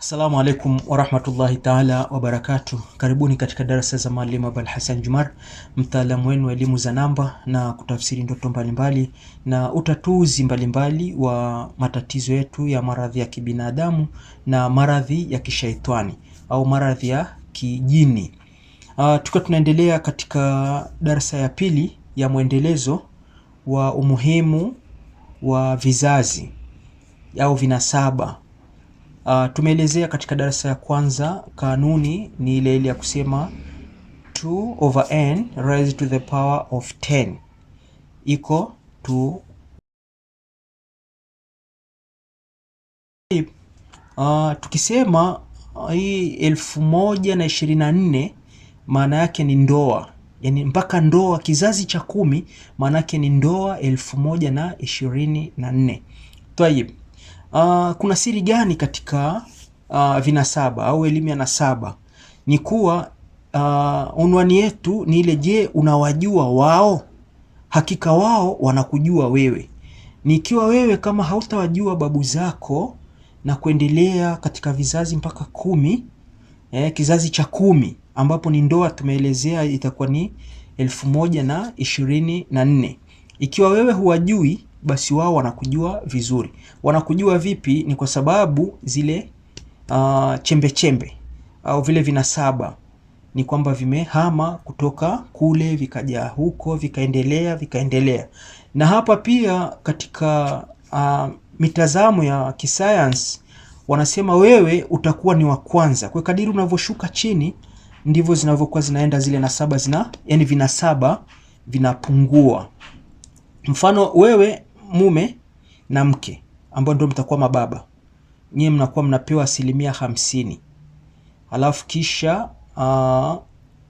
Assalamu alaikum warahmatullahi taala wabarakatu. Karibuni katika darasa za Mwalimu Abul Hassan Jumar, mtaalamu wenu wa elimu za namba na kutafsiri ndoto mbalimbali na utatuzi mbalimbali wa matatizo yetu ya maradhi ya kibinadamu na maradhi ya kishaitani au maradhi ya kijini. Uh, tukiwa tunaendelea katika darasa ya pili ya mwendelezo wa umuhimu wa vizazi au vinasaba Uh, tumeelezea katika darasa ya kwanza kanuni ni ile ile ya kusema 2 over n raised to the power of 10 iko to uh, ah, tukisema uh, hii elfu moja na ishirini na nne maana yake ni ndoa yani mpaka ndoa kizazi cha kumi maana yake ni ndoa elfu moja na ishirini na nne tayib Uh, kuna siri gani katika uh, ah, vinasaba au elimu ya nasaba? Ni kuwa uh, unwani yetu ni ile, je, unawajua wao? Hakika wao wanakujua wewe. Nikiwa wewe kama hautawajua babu zako na kuendelea katika vizazi mpaka kumi, eh, kizazi cha kumi ambapo ni ndoa tumeelezea itakuwa ni elfu moja na ishirini na nne. Ikiwa wewe huwajui basi wao wanakujua vizuri. Wanakujua vipi? Ni kwa sababu zile uh, chembe chembe au vile vinasaba ni kwamba vimehama kutoka kule vikaja huko vikaendelea vikaendelea. Na hapa pia katika uh, mitazamo ya kisayansi wanasema wewe utakuwa ni wa kwanza. Kwa kadiri unavyoshuka chini ndivyo zinavyokuwa zinaenda zile saba zina, yani saba vinapungua. Mfano wewe mume na mke ambao ndio mtakuwa mababa, nyie mnakuwa mnapewa asilimia hamsini. Alafu kisha uh,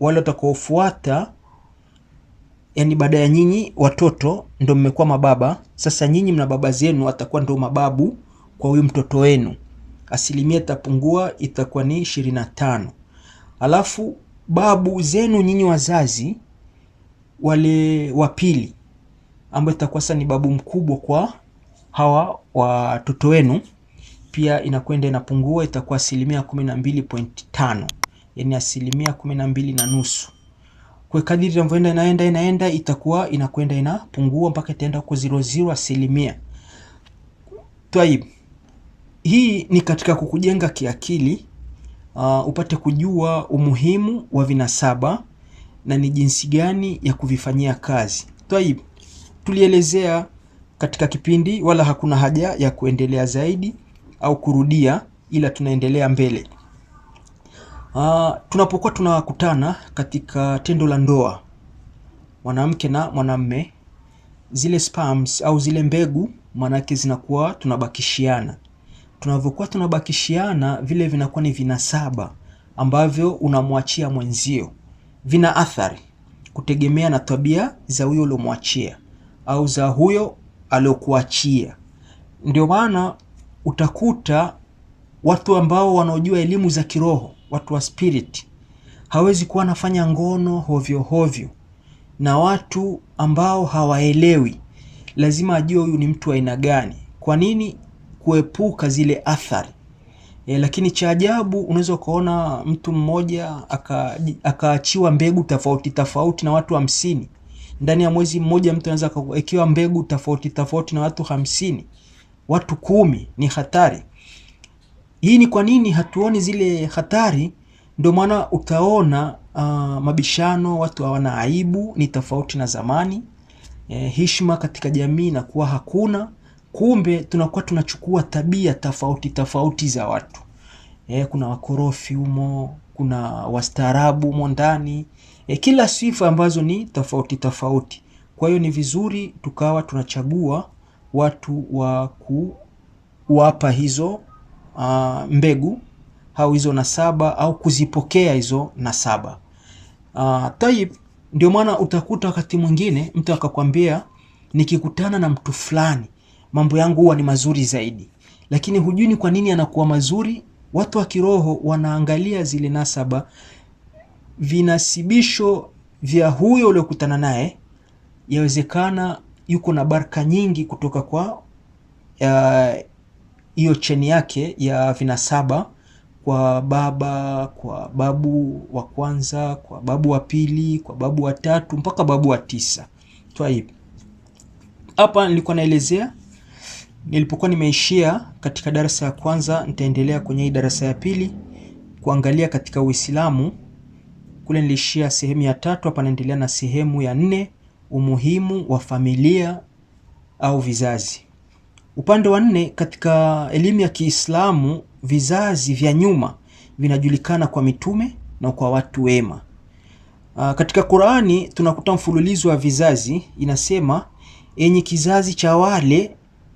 wale watakaofuata yani baada ya nyinyi watoto ndio mmekuwa mababa sasa, nyinyi mna baba zenu watakuwa ndio mababu kwa huyu mtoto wenu, asilimia itapungua, itakuwa ni ishirini na tano. Alafu babu zenu nyinyi wazazi wale wapili ambayo itakuwa sasa ni babu mkubwa kwa hawa watoto wenu, pia inakwenda inapungua, itakuwa asilimia kumi na mbili point tano yani asilimia kumi na mbili na nusu kwa kadiri inavyoenda inaenda inaenda itakuwa inakwenda inapungua mpaka itaenda kwa zero zero asilimia. Twaib, hii ni katika kukujenga kiakili uh, upate kujua umuhimu wa vinasaba na ni jinsi gani ya kuvifanyia kazi. Twaib, tulielezea katika kipindi, wala hakuna haja ya kuendelea zaidi au kurudia, ila tunaendelea mbele. Uh, tunapokuwa tunakutana katika tendo la ndoa, mwanamke na mwanamme, zile spams au zile mbegu, maanake zinakuwa tunabakishiana. Tunavyokuwa tunabakishiana vile, vinakuwa ni vinasaba ambavyo unamwachia mwenzio, vina athari kutegemea na tabia za huyo uliomwachia au za huyo aliokuachia. Ndio maana utakuta watu ambao wanaojua elimu za kiroho, watu wa spirit, hawezi kuwa anafanya ngono hovyo hovyo na watu ambao hawaelewi. Lazima ajue huyu ni mtu aina gani, kwa nini, kuepuka zile athari. E, lakini cha ajabu unaweza ukaona mtu mmoja akaachiwa aka mbegu tofauti tofauti na watu hamsini wa ndani ya mwezi mmoja mtu anaweza kuwekewa mbegu tofauti tofauti na watu hamsini, watu kumi, ni hatari. Hii ni kwa nini hatuoni zile hatari? Ndio maana utaona uh, mabishano, watu hawana aibu, ni tofauti na zamani. E, heshima katika jamii inakuwa hakuna. Kumbe tunakuwa tunachukua tabia tofauti tofauti za watu. E, kuna wakorofi humo, kuna wastaarabu humo ndani e, kila sifa ambazo ni tofauti tofauti. Kwa hiyo ni vizuri tukawa tunachagua watu wa kuwapa hizo uh, mbegu au hizo nasaba au kuzipokea hizo nasaba uh, taib. Ndio maana utakuta wakati mwingine mtu akakwambia, nikikutana na mtu fulani mambo yangu huwa ni mazuri zaidi, lakini hujui ni kwa nini anakuwa mazuri Watu wa kiroho wanaangalia zile nasaba, vinasibisho vya huyo uliokutana naye. Yawezekana yuko na baraka nyingi kutoka kwa hiyo cheni yake ya vinasaba, kwa baba, kwa babu wa kwanza, kwa babu wa pili, kwa babu wa tatu mpaka babu wa tisa. hapa nilikuwa naelezea Nilipokuwa nimeishia katika darasa ya kwanza, nitaendelea kwenye hii darasa ya pili kuangalia katika Uislamu. Kule niliishia sehemu ya tatu, hapa naendelea na sehemu ya nne, umuhimu wa familia au vizazi. Upande wa nne, katika elimu ya Kiislamu, vizazi vya nyuma vinajulikana kwa mitume na kwa watu wema. Ah, katika Qur'ani tunakuta mfululizo wa vizazi, inasema enye kizazi cha wale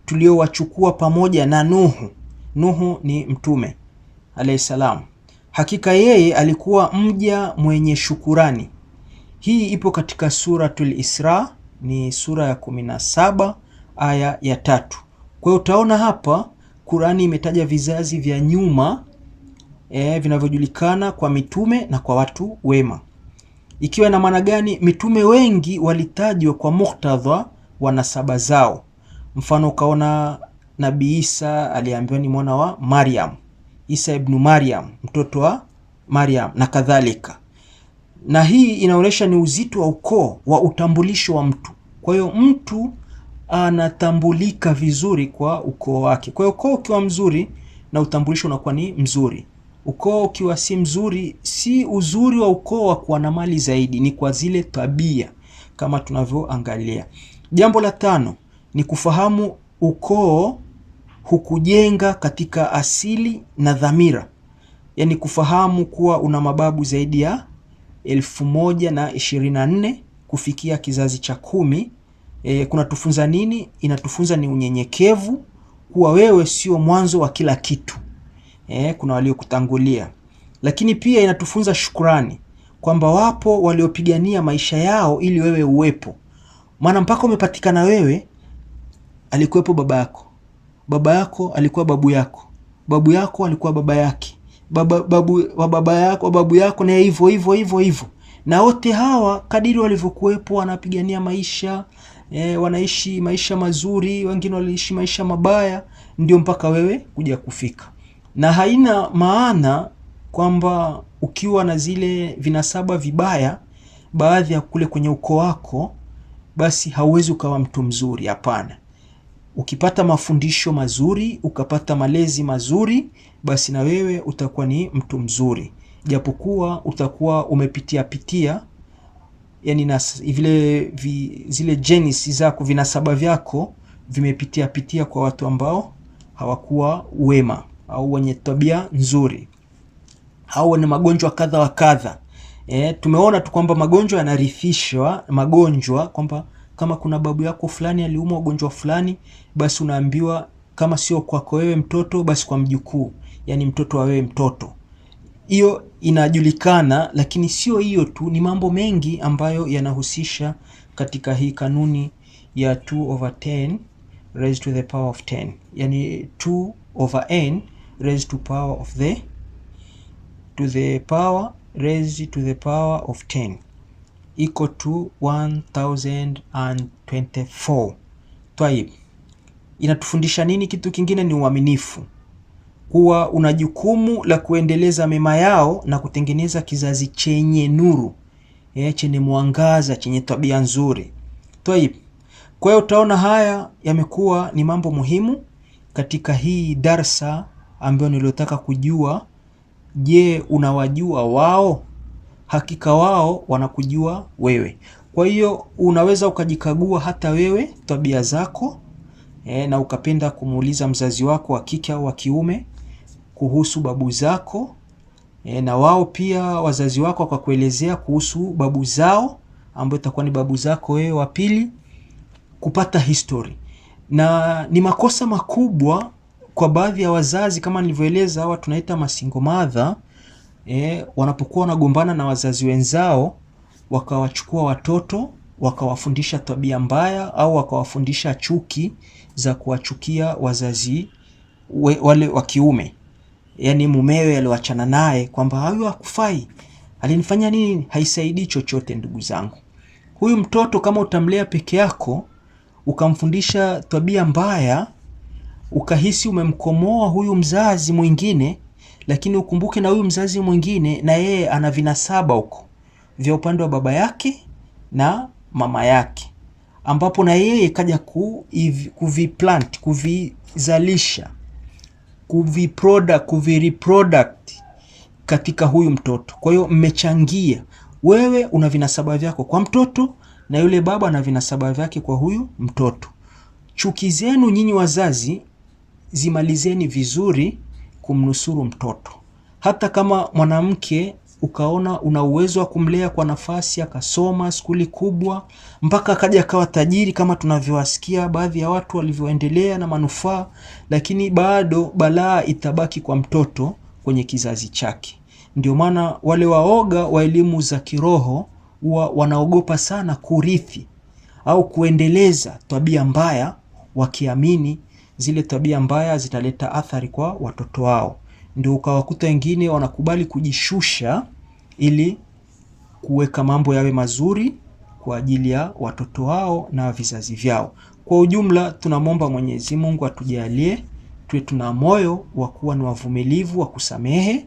tuliowachukua pamoja na Nuhu. Nuhu ni mtume alayhi salam. Hakika yeye alikuwa mja mwenye shukurani. Hii ipo katika Suratul Isra, ni sura ya 17 aya ya tatu. Kwa hiyo utaona hapa Qurani imetaja vizazi vya nyuma e, vinavyojulikana kwa mitume na kwa watu wema, ikiwa na maana gani? Mitume wengi walitajwa kwa muktadha wa nasaba zao Mfano ukaona Nabii Isa aliambiwa ni mwana wa Maryam, Isa ibnu Maryam, mtoto wa Maryam na kadhalika. Na hii inaonyesha ni uzito wa ukoo wa utambulisho wa mtu. Kwa hiyo mtu anatambulika vizuri kwa ukoo wake. Kwa hiyo ukoo ukiwa mzuri na utambulisho unakuwa ni mzuri. Ukoo ukiwa si mzuri, si uzuri wa ukoo wa kuwa na mali zaidi, ni kwa zile tabia kama tunavyoangalia. Jambo la tano, ni kufahamu ukoo hukujenga katika asili na dhamira, yaani kufahamu kuwa una mababu zaidi ya elfu moja na ishirini na nne kufikia kizazi cha kumi. E, kunatufunza nini? Inatufunza ni unyenyekevu, kuwa wewe sio mwanzo wa kila kitu. E, kuna waliokutangulia, lakini pia inatufunza shukurani kwamba wapo waliopigania maisha yao ili wewe uwepo, maana mpaka umepatikana wewe alikuwepo baba yako, baba yako alikuwa babu yako, babu yako alikuwa baba yake, baba, babu, baba yako, babu yako na hivyo hivyo hivyo hivyo, na wote hawa kadiri walivyokuwepo wanapigania maisha e, wanaishi maisha mazuri, wengine waliishi maisha mabaya, ndio mpaka wewe kuja kufika. Na haina maana kwamba ukiwa na zile vinasaba vibaya, baadhi ya kule kwenye ukoo wako, basi hauwezi ukawa mtu mzuri. Hapana. Ukipata mafundisho mazuri, ukapata malezi mazuri, basi na wewe utakuwa ni mtu mzuri, japokuwa utakuwa umepitia pitia yani na vile vi, zile genes zako vinasaba vyako vimepitia pitia kwa watu ambao hawakuwa wema au wenye tabia nzuri au wenye magonjwa kadha wa kadha. E, tumeona tu kwamba magonjwa yanarithishwa, magonjwa kwamba kama kuna babu yako fulani aliumwa ugonjwa fulani, basi unaambiwa kama sio kwako wewe mtoto, basi kwa mjukuu, yani mtoto wa wewe mtoto. Hiyo inajulikana, lakini sio hiyo tu, ni mambo mengi ambayo yanahusisha katika hii kanuni ya 2 over 10 raised to the power of 10, yani 2 over n raised to power of the to the power raised to the power of 10 equal to 1024. Twaib, inatufundisha nini? Kitu kingine ni uaminifu, kuwa una jukumu la kuendeleza mema yao na kutengeneza kizazi chenye nuru, e, chenye mwangaza, chenye tabia nzuri. Twaib, kwa hiyo utaona haya yamekuwa ni mambo muhimu katika hii darsa ambayo niliotaka kujua, je, unawajua wao? hakika wao wanakujua wewe. Kwa hiyo unaweza ukajikagua hata wewe tabia zako e, na ukapenda kumuuliza mzazi wako wa kike au wa kiume kuhusu babu zako e, na wao pia wazazi wako wakakuelezea kuhusu babu zao ambao itakuwa ni babu zako wewe wa pili, kupata history. Na ni makosa makubwa kwa baadhi ya wazazi, kama nilivyoeleza, hawa tunaita masingo madha eh, wanapokuwa wanagombana na wazazi wenzao wakawachukua watoto wakawafundisha tabia mbaya au wakawafundisha chuki za kuwachukia wazazi we, wale wa kiume. Yaani mumewe aliwachana naye kwamba hayo hakufai, alinifanya nini? Haisaidii chochote ndugu zangu. Huyu mtoto kama utamlea peke yako ukamfundisha tabia mbaya, ukahisi umemkomoa huyu mzazi mwingine, lakini ukumbuke na huyu mzazi mwingine na yeye ana vinasaba huko vya upande wa baba yake na mama yake, ambapo na yeye kaja kuviplant, kuvizalisha, kuviproduct, kuvireproduct katika huyu mtoto. Kwa hiyo mmechangia, wewe una vinasaba vyako kwa mtoto na yule baba ana vinasaba vyake kwa huyu mtoto. Chuki zenu nyinyi wazazi zimalizeni vizuri kumnusuru mtoto, hata kama mwanamke ukaona una uwezo wa kumlea kwa nafasi akasoma skuli kubwa mpaka akaja akawa tajiri, kama tunavyowasikia baadhi ya watu walivyoendelea na manufaa, lakini bado balaa itabaki kwa mtoto kwenye kizazi chake. Ndio maana wale waoga wa elimu za kiroho huwa wanaogopa sana kurithi au kuendeleza tabia mbaya, wakiamini zile tabia mbaya zitaleta athari kwa watoto wao, ndio ukawakuta wengine wanakubali kujishusha ili kuweka mambo yawe mazuri kwa ajili ya watoto wao na vizazi vyao. Kwa ujumla, tunamwomba Mwenyezi Mungu atujalie tuwe tuna moyo wa kuwa ni wavumilivu wa kusamehe,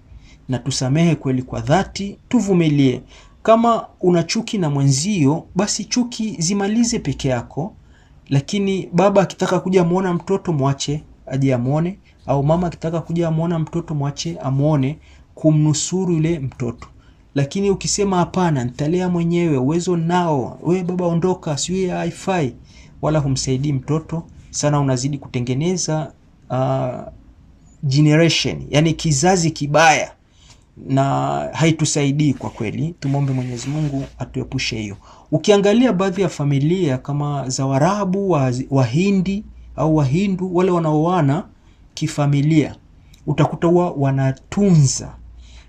na tusamehe kweli kwa dhati, tuvumilie. Kama una chuki na mwenzio, basi chuki zimalize peke yako, lakini baba akitaka kuja muona mtoto mwache aje amuone, au mama akitaka kuja amuona mtoto mwache amuone, kumnusuru yule mtoto. Lakini ukisema hapana, nitalea mwenyewe, uwezo nao, we baba ondoka, ya haifai, wala humsaidii mtoto sana, unazidi kutengeneza uh, generation, yani kizazi kibaya na haitusaidii kwa kweli. Tumwombe Mwenyezi Mungu atuepushe hiyo. Ukiangalia baadhi ya familia kama za warabu Wahindi au Wahindu, wale wanaoana kifamilia, utakuta huwa wanatunza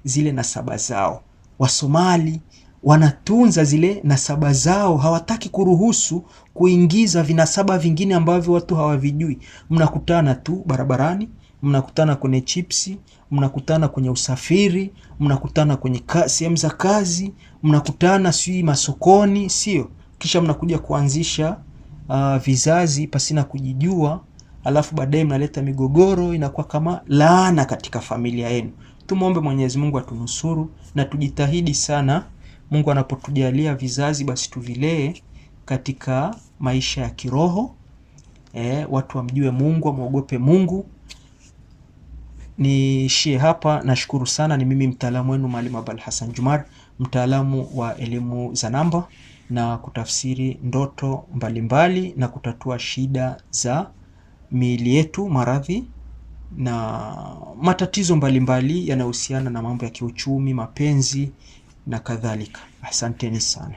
zile nasaba zao. Wasomali wanatunza zile nasaba zao, hawataki kuruhusu kuingiza vinasaba vingine ambavyo watu hawavijui. Mnakutana tu barabarani mnakutana kwenye chipsi, mnakutana kwenye usafiri, mnakutana kwenye sehemu za kazi, mnakutana sijui masokoni, sio? Kisha mnakuja kuanzisha uh, vizazi pasina kujijua, alafu baadaye mnaleta migogoro, inakuwa kama laana katika familia yenu. Tumwombe Mwenyezi Mungu atunusuru na tujitahidi sana. Mungu anapotujalia vizazi, basi tuvilee katika maisha ya kiroho. eh, watu wamjue Mungu, wamwogope Mungu niishie hapa. Nashukuru sana. Ni mimi mtaalamu wenu Mwalimu Abal Hassan Jumar, mtaalamu wa elimu za namba na kutafsiri ndoto mbalimbali mbali, na kutatua shida za miili yetu, maradhi na matatizo mbalimbali yanayohusiana na mambo ya kiuchumi, mapenzi na kadhalika. Asanteni sana.